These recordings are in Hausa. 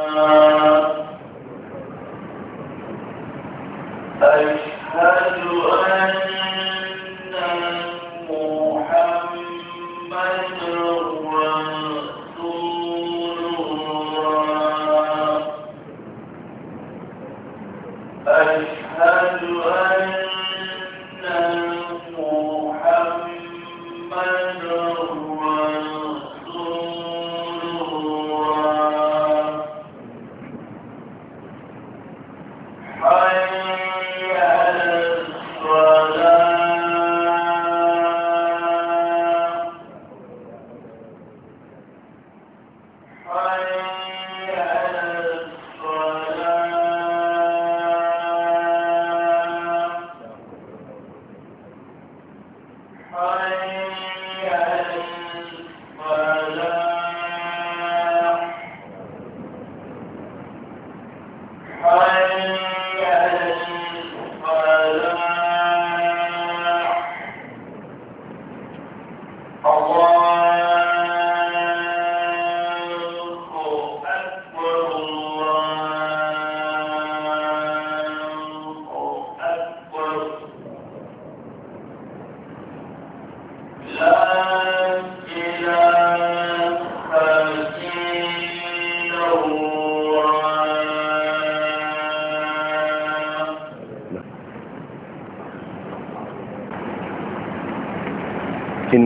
Uh...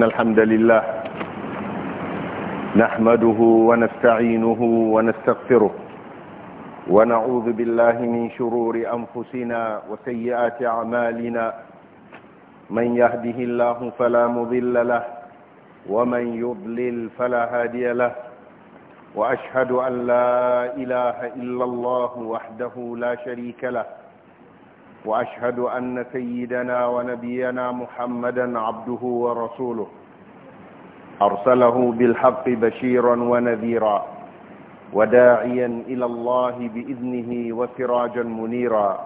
إن الحمد لله نحمده ونستعينه ونستغفره ونعوذ بالله من شرور أنفسنا وسيئات أعمالنا من يهده الله فلا مضل له ومن يضلل فلا هادي له وأشهد أن لا إله إلا الله وحده لا شريك له واشهد ان سيدنا ونبينا محمدا عبده ورسوله أرسله بالحق بشيرا ونذيرا وداعيا إلى الله بإذنه وسراجا منيرا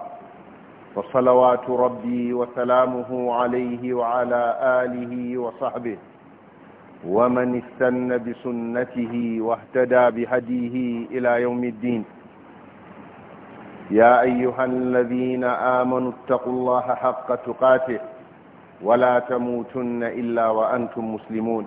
وصلوات ربي وسلامه عليه وعلى آله وصحبه ومن استن بسنته واهتدى بهديه إلى يوم الدين يا أيها الذين آمنوا اتقوا الله حق تقاته ولا تموتن إلا وأنتم مسلمون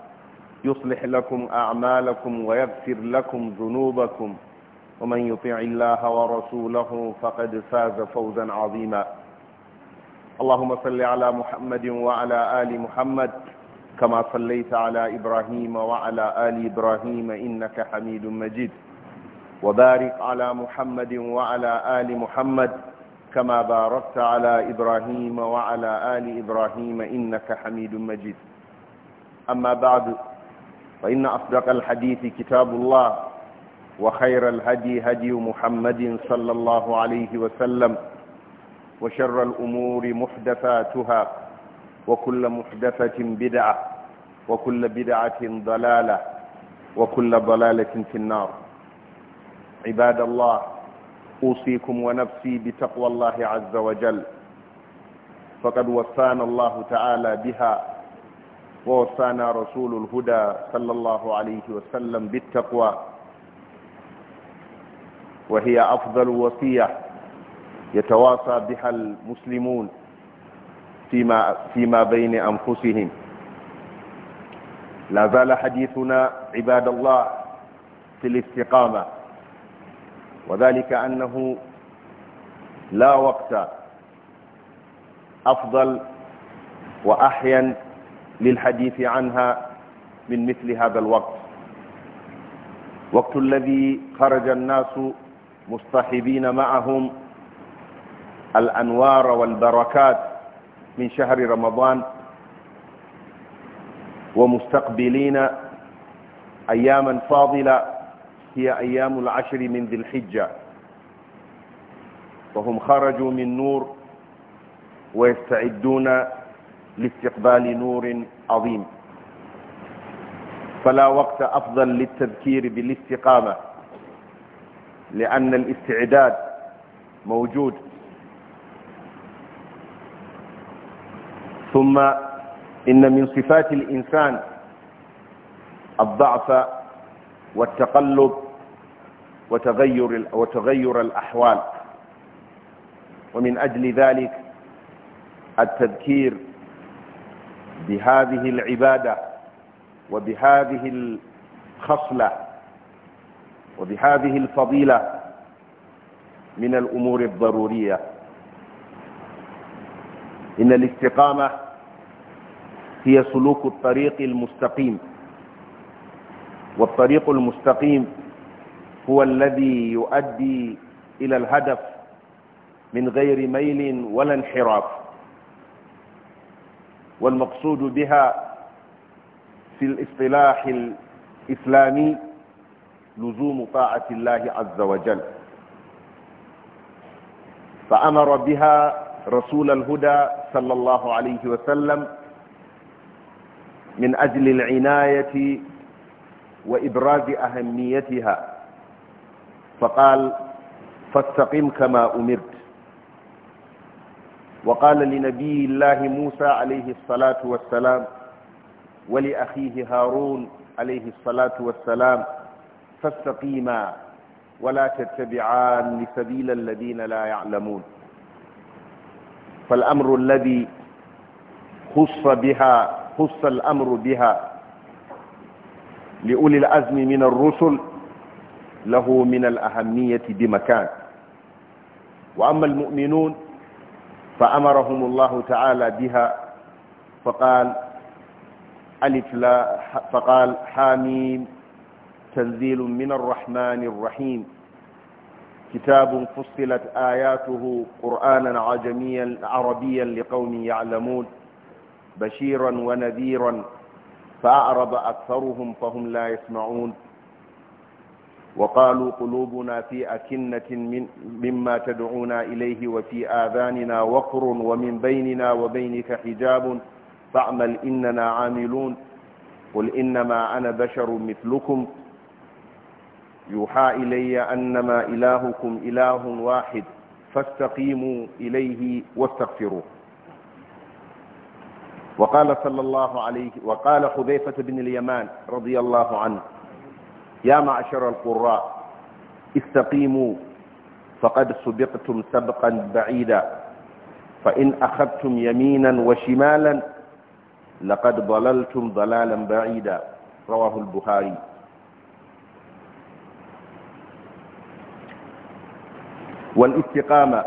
يصلح لكم أعمالكم ويغفر لكم ذنوبكم ومن يطع الله ورسوله فقد فاز فوزا عظيما اللهم صل على محمد وعلى آل محمد كما صليت على إبراهيم وعلى آل إبراهيم إنك حميد مجيد وبارك على محمد وعلى آل محمد كما باركت على إبراهيم وعلى آل إبراهيم إنك حميد مجيد أما بعد فإن أصدق الحديث كتاب الله وخير الهدي هدي محمد صلى الله عليه وسلم وشر الأمور محدثاتها وكل محدثة بدعة وكل بدعة ضلالة وكل ضلالة في النار عباد الله أوصيكم ونفسي بتقوى الله عز وجل فقد وصانا الله تعالى بها ووصانا رسول الهدى صلى الله عليه وسلم بالتقوى وهي أفضل وصية يتواصى بها المسلمون فيما, فيما بين أنفسهم لا زال حديثنا عباد الله في الاستقامة وذلك أنه لا وقت أفضل وأحيا للحديث عنها من مثل هذا الوقت وقت الذي خرج الناس مصطحبين معهم الأنوار والبركات من شهر رمضان ومستقبلين أياما فاضلة هي أيام العشر من ذي الحجة وهم خرجوا من نور ويستعدون لاستقبال نور عظيم فلا وقت أفضل للتذكير بالاستقامة لأن الاستعداد موجود ثم إن من صفات الإنسان الضعف والتقلب وتغير, وتغير الأحوال ومن أجل ذلك التذكير بهذه العبادة وبهذه الخصلة وبهذه الفضيلة من الأمور الضرورية إن الاستقامة هي سلوك الطريق المستقيم والطريق المستقيم هو الذي يؤدي إلى الهدف من غير ميل ولا انحراف والمقصود بها في الاصطلاح الإسلامي لزوم طاعة الله عز وجل فأمر بها رسول الهدى صلى الله عليه وسلم من أجل العناية وإبراز أهميتها فقال فاستقم كما أمرت وقال لنبي الله موسى عليه الصلاة والسلام ولأخيه هارون عليه الصلاة والسلام فاستقيما ولا تتبعان لسبيل الذين لا يعلمون فالأمر الذي خص بها خص الأمر بها لأولي العزم من الرسل له من الأهمية بمكان وأما المؤمنون فأمرهم الله تعالى بها فقال ألف لا فقال حاميم تنزيل من الرحمن الرحيم كتاب فصلت آياته قرآنا عجميا عربيا لقوم يعلمون بشيرا ونذيرا فأعرض أكثرهم فهم لا يسمعون وقالوا قلوبنا في أكنة من مما تدعونا إليه وفي آذاننا وقر ومن بيننا وبينك حجاب فاعمل إننا عاملون قل إنما أنا بشر مثلكم يوحى إلي أنما إلهكم إله واحد فاستقيموا إليه واستغفروه وقال صلى الله عليه وقال حذيفة بن اليمان رضي الله عنه يا معشر القراء استقيموا فقد سبقتم سبقا بعيدا فإن أخذتم يمينا وشمالا لقد ضللتم ضلالا بعيدا رواه البخاري والاستقامة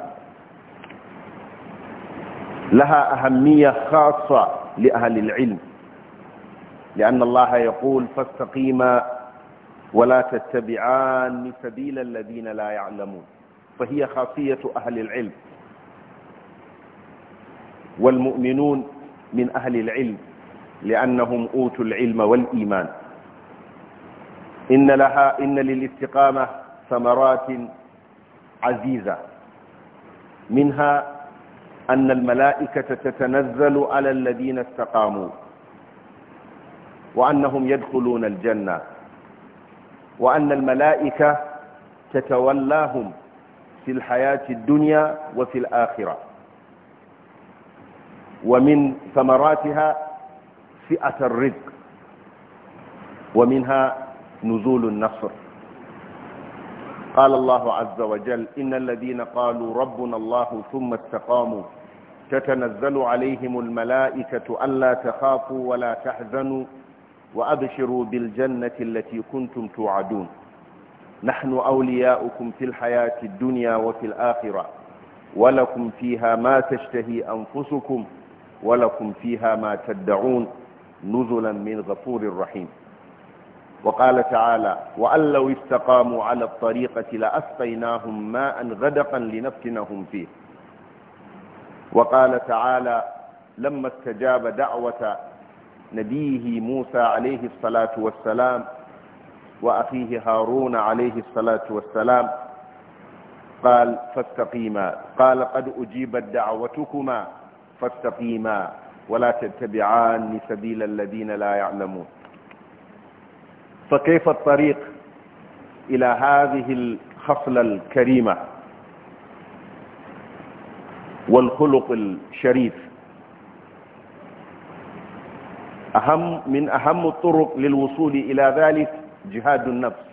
لها أهمية خاصة لأهل العلم لأن الله يقول فاستقيما ولا تتبعان سبيل الذين لا يعلمون فهي خاصية أهل العلم والمؤمنون من أهل العلم لأنهم أوتوا العلم والإيمان إن, لها إن للاستقامة ثمرات عزيزة منها أن الملائكة تتنزل على الذين استقاموا وأنهم يدخلون الجنة وأن الملائكة تتولاهم في الحياة الدنيا وفي الآخرة ومن ثمراتها فئة الرزق ومنها نزول النصر قال الله عز وجل إن الذين قالوا ربنا الله ثم استقاموا تتنزل عليهم الملائكة ألا تخافوا ولا تحزنوا وأبشروا بالجنة التي كنتم توعدون نحن أولياؤكم في الحياة الدنيا وفي الآخرة ولكم فيها ما تشتهي أنفسكم ولكم فيها ما تدعون نزلا من غفور رحيم وقال تعالى وأن لو استقاموا على الطريقة لأسقيناهم ماء غدقا لنفتنهم فيه وقال تعالى لما استجاب دعوة نبيه موسى عليه الصلاة والسلام وأخيه هارون عليه الصلاة والسلام قال فاستقيما قال قد أجيبت دعوتكما فاستقيما ولا تتبعان سبيل الذين لا يعلمون فكيف الطريق إلى هذه الخصلة الكريمة والخلق الشريف أهم من أهم الطرق للوصول إلى ذلك جهاد النفس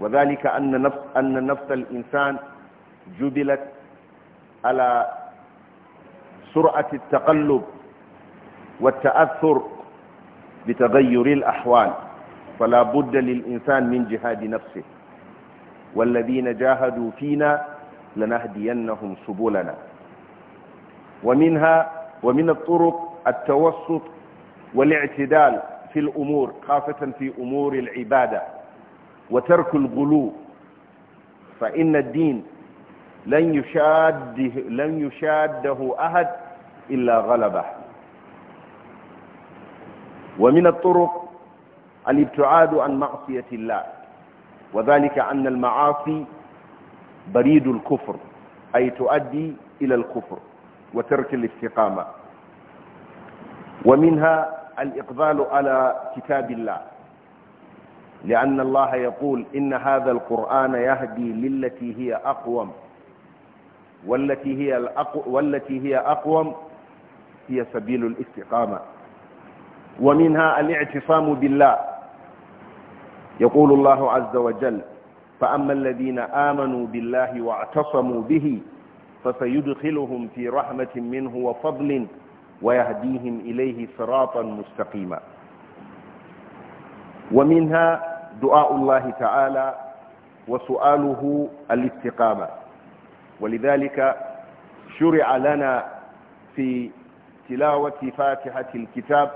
وذلك أن نفس, أن نفس الإنسان جبلت على سرعة التقلب والتأثر بتغير الأحوال فلا بد للإنسان من جهاد نفسه والذين جاهدوا فينا لنهدينهم سبلنا ومنها ومن الطرق التوسط والاعتدال في الأمور خاصة في أمور العبادة وترك الغلو فإن الدين لن يشاده, لن يشاده أحد إلا غلبه ومن الطرق الابتعاد عن معصية الله وذلك أن المعاصي بريد الكفر أي تؤدي إلى الكفر وترك الاستقامة ومنها الإقبال على كتاب الله لأن الله يقول إن هذا القرآن يهدي للتي هي أقوم والتي هي, الأقو والتي هي أقوم هي سبيل الاستقامة ومنها الاعتصام بالله يقول الله عز وجل فأما الذين آمنوا بالله واعتصموا به فسيدخلهم في رحمة منه وفضل وفضل ويهديهم إليه صراطا مستقيما ومنها دعاء الله تعالى وسؤاله الاستقامة ولذلك شرع لنا في تلاوة فاتحة الكتاب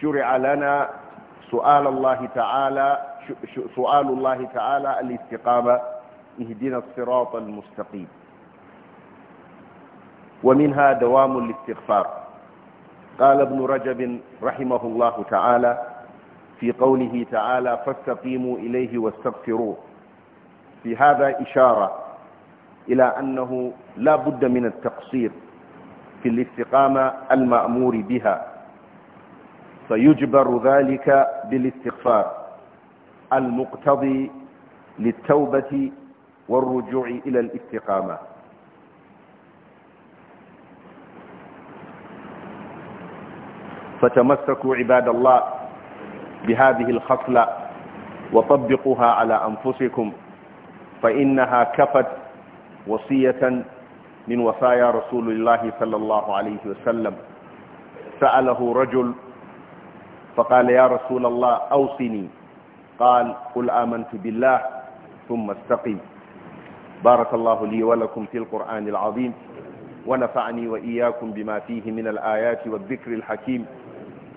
شرع لنا سؤال الله تعالى سؤال الله تعالى الاستقامة اهدنا الصراط المستقيم ومنها دوام الاستغفار قال ابن رجب رحمه الله تعالى في قوله تعالى فاستقيموا إليه واستغفروه في هذا إشارة إلى أنه لا بد من التقصير في الاستقامة المأمور بها فيجبر ذلك بالاستغفار المقتضي للتوبة والرجوع إلى الاستقامة فتمسكوا عباد الله بهذه الخصلة وطبقوها على أنفسكم فإنها كفت وصية من وصايا رسول الله صلى الله عليه وسلم سأله رجل فقال يا رسول الله أوصني قال قل آمنت بالله ثم استقم بارك الله لي ولكم في القرآن العظيم ونفعني وإياكم بما فيه من الآيات والذكر الحكيم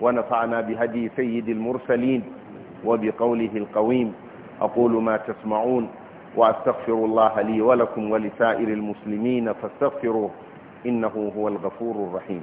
ونفعنا بهدي سيد المرسلين وبقوله القويم أقول ما تسمعون وأستغفر الله لي ولكم ولسائر المسلمين فاستغفروه إنه هو الغفور الرحيم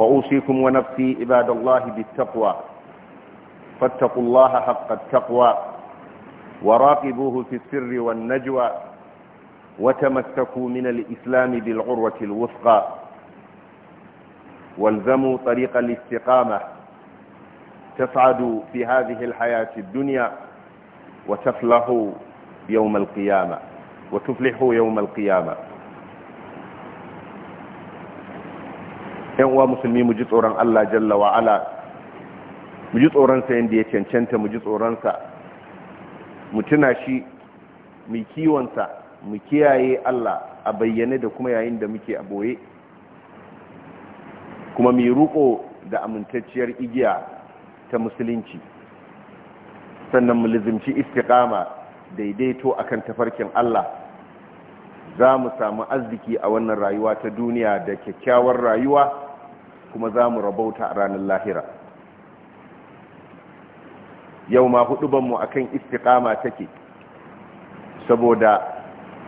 وأوصيكم ونفسي عباد الله بالتقوى فاتقوا الله حق التقوى وراقبوه في السر والنجوى وتمسكوا من الإسلام بالعروة الوثقى والزموا طريق الاستقامة تسعدوا في هذه الحياة الدنيا وتفلحوا يوم القيامة وتفلحوا يوم القيامة yan uwa musulmi mu ji tsoron Allah jalla wa ala mu ji tsoron sa yanda ya cancanta mu ji tsoron sa mu tuna shi mu kiwon sa mu kiyaye Allah a bayyane da kuma yayin da muke a boye kuma mu ruko da amintacciyar igiya ta musulunci sannan mu lizimci istiqama daidaito a kan tafarkin Allah za mu samu arziki a wannan rayuwa ta duniya da kyakkyawar rayuwa kuma za mu rabauta a ranar lahira yau ma hudubanmu a kan istiƙama take saboda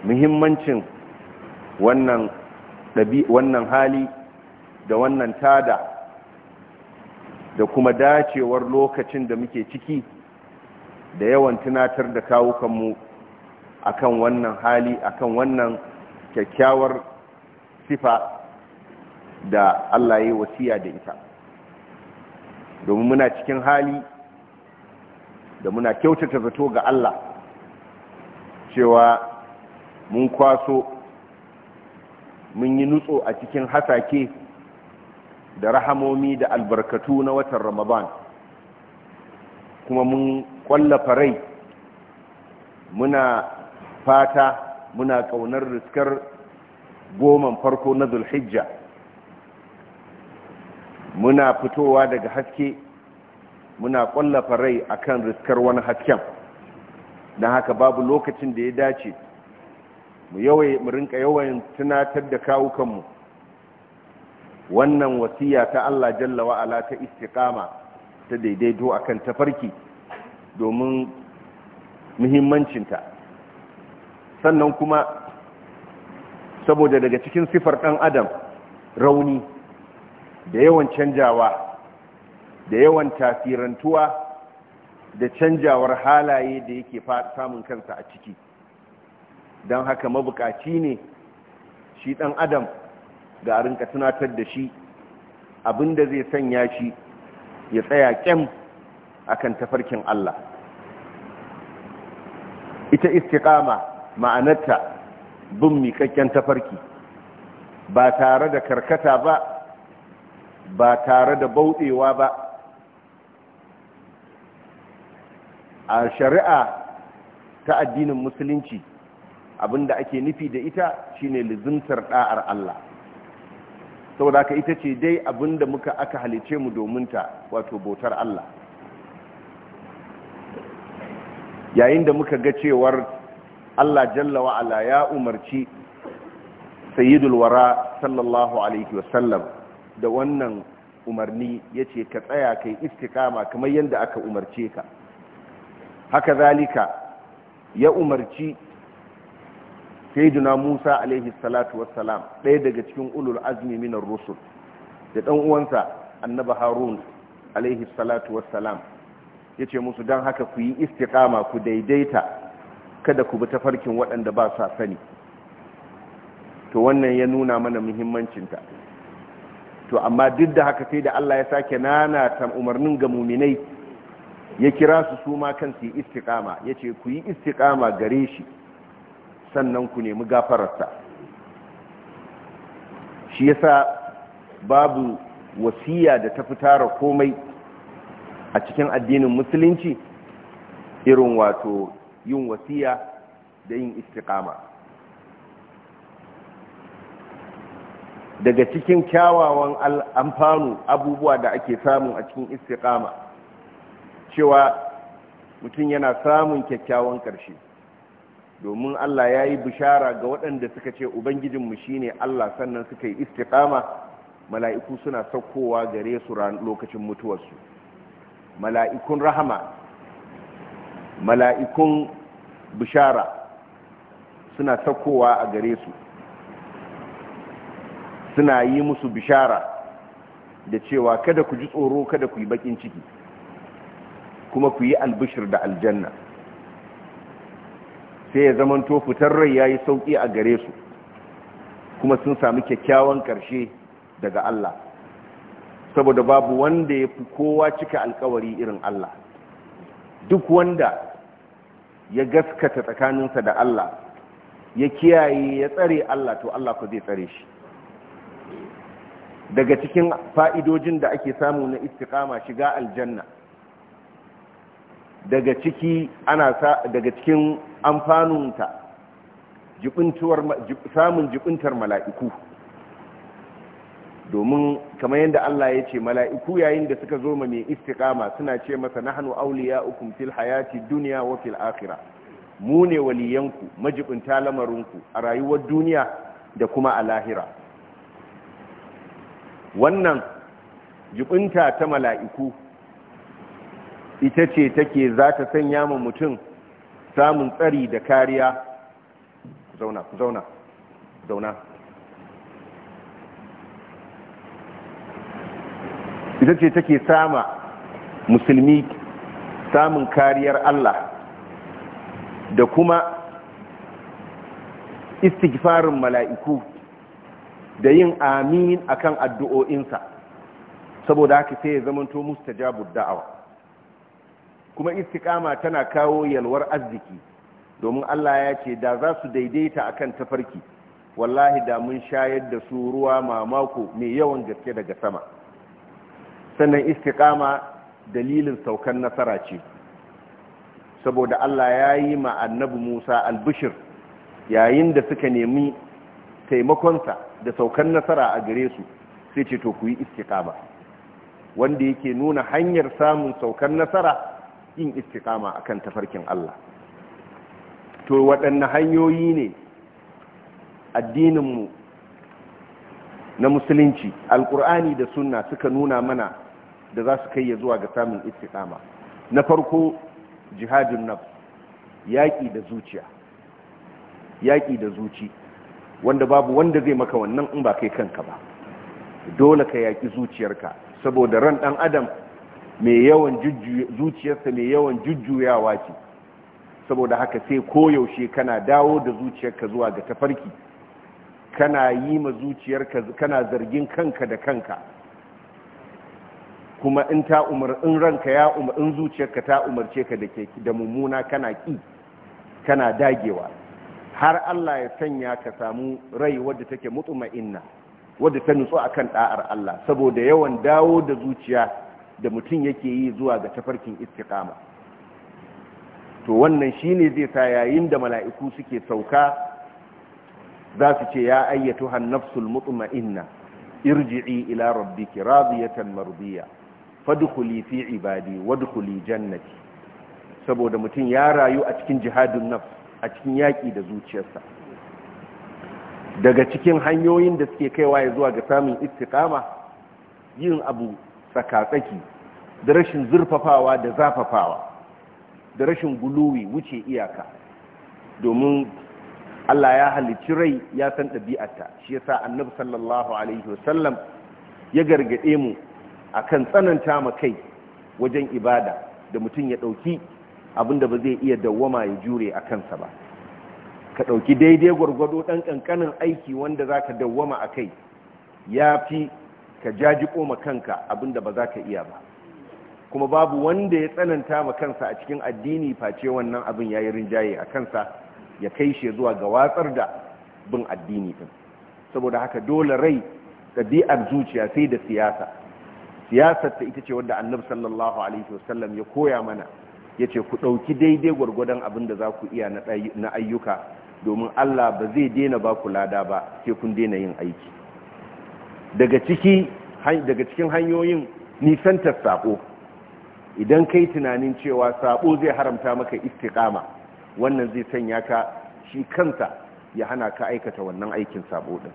muhimmancin wannan wannan hali da wannan tada da kuma dacewar lokacin da muke ciki da yawan tunatar da kawukanmu akan wannan hali akan wannan kyakkyawar sifa da Allah ya yi wasiya da ita domin muna cikin hali da muna kyautata zato ga Allah cewa mun kwaso mun yi nutso a cikin hasake da rahamomi da albarkatu na watan ramadan kuma mun kwallafa rai muna fata muna kaunar riskar goman farko na zulhijja muna fitowa daga haske muna ƙwallafa rai kan riskar wani hasken na haka babu lokacin da ya dace mu yawai mu rinka yawan tunatar da kawukanmu wannan wasiya ta Allah jalla wa'ala ta istiqama ta daidaito kan tafarki domin muhimmancinta sannan kuma saboda daga cikin sifar ɗan adam rauni da yawan canjawa da yawan tasirantuwa da canjawar halaye da yake samun kansa a ciki don haka mabukaci ne shi ɗan adam ga rinka tunatar da shi abinda zai sanya shi ya tsaya kyam akan tafarkin Allah ita istiqama ma'anarta bin miƙaƙƙen tafarki ba tare da karkata ba ba tare da bauɗewa ba a shari'a ta addinin musulunci abinda ake nufi da ita shine lizimtar da'ar Allah saboda haka ita ce dai abinda muka aka halice mu domin ta wato bautar Allah yayin da muka ga cewar Allah jalla wa'ala ya umarci sayyidul wara sallallahu alaihi wasallam da wannan umarni ya ce ka tsaya ka yi istikama kamar yadda aka umarce ka haka zalika ya umarci saiduna musa alaihi wassalam ɗaya daga cikin ulul azmi minar rusul da ɗan uwansa annaba harun alaihi wassalam ya ce musu don haka ku yi istikama ku daidaita kada ku bi tafarkin waɗanda ba sa sani to wannan ya nuna mana muhimmancinta to amma duk da haka sai da Allah ya sake nana ta umarnin ga muminai ya kira su su ma kan su yi istiqama yace ku yi istiqama gare shi sannan ku nemi gafararsa shi yasa babu wasiya da ta fitara komai a cikin addinin musulunci irin wato yin wasiya da yin istiqama daga cikin kyawawan amfanu abubuwa da ake samu a cikin istiqama cewa mutum yana samun kyakkyawan ƙarshe domin Allah ya yi bishara ga waɗanda suka ce Ubangijinmu shi ne Allah sannan suka yi istiqama mala'iku suna saukowa gare su lokacin mutuwarsu mala'ikun rahama mala'ikun bishara suna saukowa a gare su suna yi musu bishara da cewa kada ku ji tsoro kada ku yi bakin ciki kuma ku yi albishir da aljanna sai ya zamanto fitar rai ya yi sauƙi a gare su kuma sun sami kyakkyawan ƙarshe daga Allah saboda babu wanda ya fi kowa cika alkawari irin Allah duk wanda ya gaskata tsakaninsa da Allah ya kiyaye ya tsare Allah to Allah ku zai tsare shi daga cikin fa'idojin da ake samu na istiqama shiga aljanna daga ciki ana sa daga cikin amfanunta samun jibintar mala'iku domin kamar yadda Allah ya ce mala'iku yayin da suka zo mai istikama suna ce masa na hannu nahnu ukun fil hayati duniya wa fil akira mu ne waliyanku majibinta lamarinku a rayuwar duniya da kuma a lahira wannan jubinta ta mala'iku ita ce take za ta sanya ma mutum samun tsari da kariya zauna zauna zauna ita ce take sama musulmi samun kariyar Allah da kuma istighfarin mala'iku da yin amin kan addu'o'insa saboda haka sai ya zamanto mustajabud da'awa kuma istiqama tana kawo yalwar arziki domin Allah ya ce da za su daidaita akan tafarki wallahi da mun shayar da su ruwa mamako mai yawan gaske daga sama sannan istiqama dalilin saukan nasara ce saboda Allah ya yi ma annabi Musa albishir yayin da suka nemi taimakonsa da saukan nasara a gare su sai ce to ku yi istiqama wanda yake nuna hanyar samun saukan nasara yin istiqama akan tafarkin Allah to waɗanne hanyoyi ne addininmu na musulunci alkur'ani da sunna suka nuna mana da za su kai ya zuwa ga samun istiqama na farko jihadin nafs yaƙi da zuciya yaƙi da zuci wanda babu wanda zai maka wannan in ba kai kanka ba dole ka yaki zuciyarka saboda ran dan adam mai yawan zuciyarsa mai yawan jujjuyawa ce saboda haka sai koyaushe kana dawo da zuciyarka zuwa ga tafarki kana yi ma zuciyarka kana zargin kanka da kanka kuma in ta umar in ranka ya umar in zuciyarka ta umarce ka da mummuna kana ki kana dagewa har Allah ya sanya ka samu rai wadda take mutuma'inna wadda ta nutsu a kan ɗa'ar Allah saboda yawan dawo da zuciya da mutum yake yi zuwa ga tafarkin istiƙama to wannan shi ne zai sa yayin da mala'iku suke sauka za su ce ya ayyatu hannafsul mutuma'inna irji'i ila rabbiki radiyatan mardiya fadkhuli fi ibadi wadkhuli jannati saboda mutum ya rayu a cikin jihadin nafs a cikin yaƙi da zuciyarsa daga cikin hanyoyin da suke kaiwa ya zuwa ga samun istikama yin abu tsakatsaki da rashin zurfafawa da zafafawa da rashin guluwi wuce iyaka domin Allah ya halicci rai ya san ɗabi'arta shi yasa annabi sallallahu alaihi wasallam ya gargaɗe mu a kan tsananta ma kai wajen ibada da mutum ya ɗauki abinda ba zai iya dawwama ya jure a kansa ba ka ɗauki daidai gwargwado ɗan ƙanƙanin aiki wanda za ka dawwama a kai ya fi ka jaji koma kanka abinda ba za ka iya ba kuma babu wanda ya tsananta ma kansa a cikin addini face wannan abin ya yi rinjaye a kansa ya kai shi zuwa ga watsar da bin addini ɗin saboda haka dole rai ɗabi'ar zuciya sai da siyasa siyasar ta ita ce wadda annabi sallallahu alaihi wasallam ya koya mana ya ce ku ɗauki daidai gwargwadon abin da za ku iya na ayyuka domin Allah ba zai daina ba ku lada ba sai kun daina yin aiki daga cikin hanyoyin nisantar sako idan kai tunanin cewa sako zai haramta maka istiqama wannan zai sanya ka shi kansa ya hana ka aikata wannan aikin sako ɗin,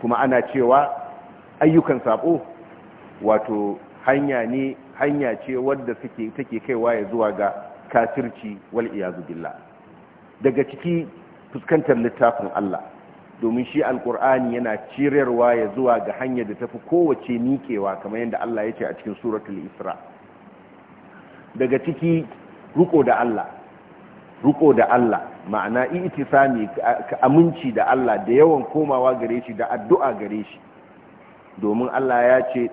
kuma ana cewa ayyukan sako wato hanya ne hanya ce wadda suke take kaiwa ya zuwa ga kafirci wal iyazu billah daga ciki fuskantar littafin Allah domin shi alkur'ani yana cirarwa ya zuwa ga hanya da tafi kowace miƙewa kamar yadda Allah ya ce a cikin suratul isra daga ciki ruko da Allah ruko da Allah ma'ana itisami aminci da Allah da yawan komawa gare shi da addu'a gare shi domin Allah ya ce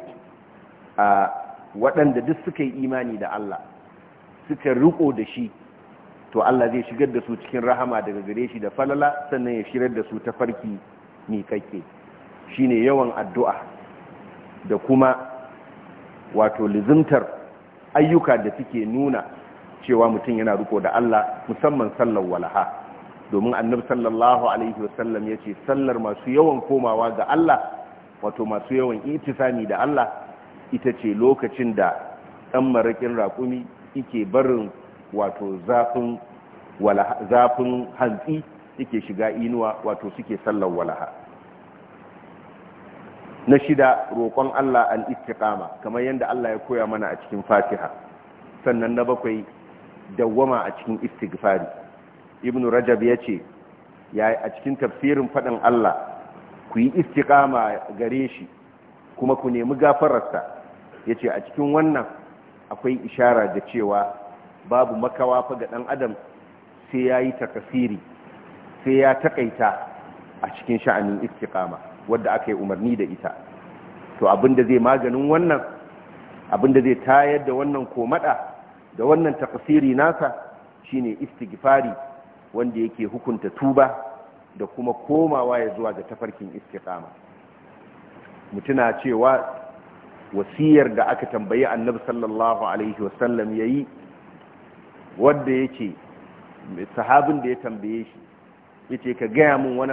a waɗanda duk suka yi imani da Allah suka riƙo da shi to Allah zai shigar da su cikin rahama daga gare shi da falala sannan ya shirar da su ta farki miƙaƙe ne yawan addu'a da kuma wato lizimtar ayyuka da suke nuna cewa mutum yana riko da Allah musamman sallar walaha domin annabi sallallahu alaihi wasallam ya ce sallar masu yawan komawa ga Allah wato masu yawan itisani da Allah ita ce lokacin da ɗan marakin raƙumi ike barin wato zafin hantsi suke shiga inuwa wato suke sallar walaha na shida roƙon Allah al kamar yadda Allah ya koya mana a cikin Fatiha sannan na bakwai dawwama a cikin istighfari ibn rajab ya ce ya a cikin tafsirin faɗin Allah ku yi istiƙama gare shi kuma ku nemi gafararsa ya ce a cikin wannan akwai ishara da cewa babu makawa fa ga ɗan adam sai ya yi takasiri sai ya takaita a cikin sha'anin istiƙama wadda aka yi umarni da ita to abinda zai maganin wannan abinda zai tayar da wannan komada da wannan takasiri nasa shine istighfari wanda yake hukunta tuba da kuma komawa ya zuwa ga tafarkin istiƙama mutuna cewa wasiyar da aka tambayi annabi sallallahu alaihi wasallam ya yi wadda ya sahabin da ya tambaye shi ya ce ka gaya min wani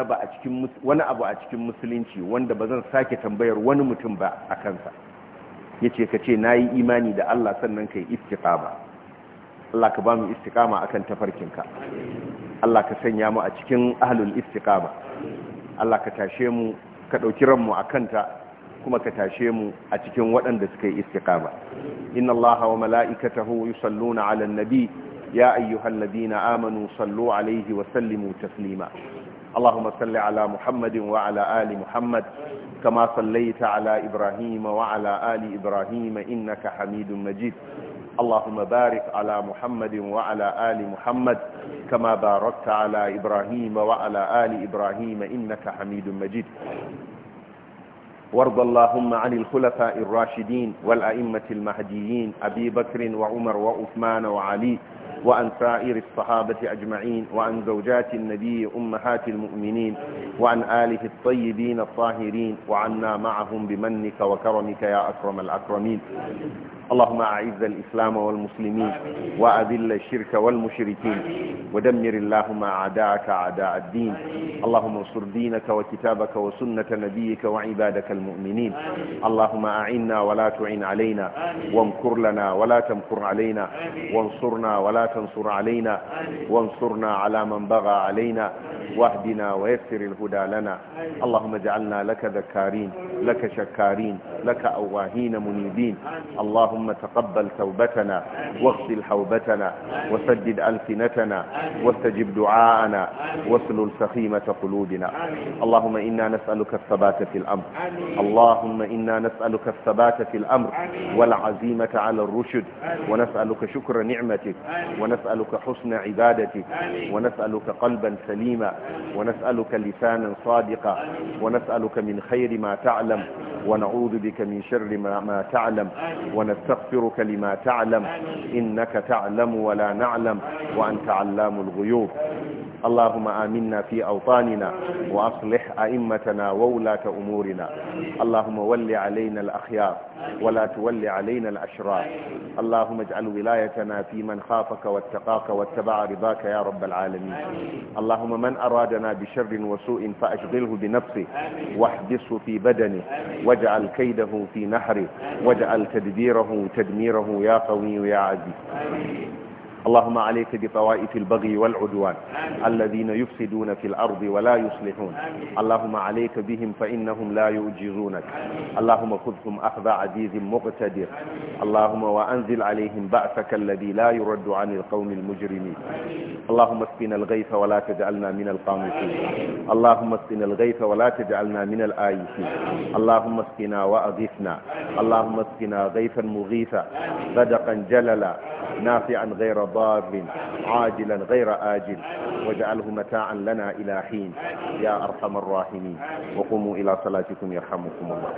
abu a cikin musulunci wanda ba zan sake tambayar wani mutum ba a kansa ya ka ce na yi imani da Allah sannan kai yi Allah ka ba mu istiƙama a kan tafarkinka Allah ka sanya mu a cikin ahalul istiƙama Allah ka tashe mu ka ɗauki ranmu a kanta kuma ka tashe mu a cikin waɗanda suka yi istiqama inna allaha wa mala'ikatahu yusalluna 'alan nabi ya ayyuhalladhina amanu sallu 'alayhi wa sallimu taslima اللهم صل على محمد وعلى آل محمد كما صليت على إبراهيم وعلى آل إبراهيم إنك حميد مجيد اللهم بارك على محمد وعلى آل محمد كما باركت على إبراهيم وعلى آل إبراهيم إنك حميد مجيد وارض اللهم عن الخلفاء الراشدين والأئمة المهديين أبي بكر وعمر وعثمان وعلي وعن سائر الصحابة أجمعين وعن زوجات النبي أمهات المؤمنين وعن آله الطيبين الطاهرين وعنا معهم بمنك وكرمك يا أكرم الأكرمين اللهم أعز الإسلام والمسلمين وأذل الشرك والمشركين ودمر اللهم أعداءك أعداء الدين اللهم انصر دينك وكتابك وسنة نبيك وعبادك المؤمنين اللهم أعنا ولا تعن علينا وامكر لنا ولا تمكر علينا وانصرنا ولا تنصر علينا وانصرنا على من بغى علينا واهدنا ويسر الهدى لنا اللهم اجعلنا لك ذكارين لك شكارين لك أواهين منيبين اللهم تقبل توبتنا واغسل حوبتنا وسدد ألسنتنا واستجب دعاءنا واسلل سخيمة قلوبنا اللهم إنا نسألك الثبات في الأمر اللهم إنا نسألك الثبات في الأمر والعزيمة على الرشد ونسألك شكر نعمتك ونسألك حسن عبادتك ونسألك قلبا سليما ونسألك لسانا صادقا ونسألك من خير ما تعلم ونعوذ بك بك من شر ما, ما تعلم ونستغفرك لما تعلم إنك تعلم ولا نعلم وأنت علام الغيوب اللهم آمنا في أوطاننا وأصلح أئمتنا وولاة أمورنا اللهم ول علينا الأخيار ولا تول علينا الأشرار اللهم اجعل ولايتنا في من خافك واتقاك واتبع رضاك يا رب العالمين اللهم من أرادنا بشر وسوء فأشغله بنفسه واحبسه في بدنه واجعل كيده في نحره واجعل تدبيره تدميره يا قوي يا عزيز اللهم عليك بطوائف البغي والعدوان الذين يفسدون في الأرض ولا يصلحون اللهم عليك بهم فإنهم لا يؤجرونك اللهم خذهم أخذ عزيز مقتدر اللهم وأنزل عليهم بأسك الذي لا يرد عن القوم المجرمين اللهم اسقنا الغيث ولا تجعلنا من القانطين اللهم اسقنا الغيث ولا تجعلنا من الآيسين اللهم اسقنا وأغثنا اللهم اسقنا غيثا مغيثا غدقا جللا نافعا غير ضار عاجلا غير آجل واجعله متاعا لنا إلى حين يا أرحم الراحمين وقوموا إلى صلاتكم يرحمكم الله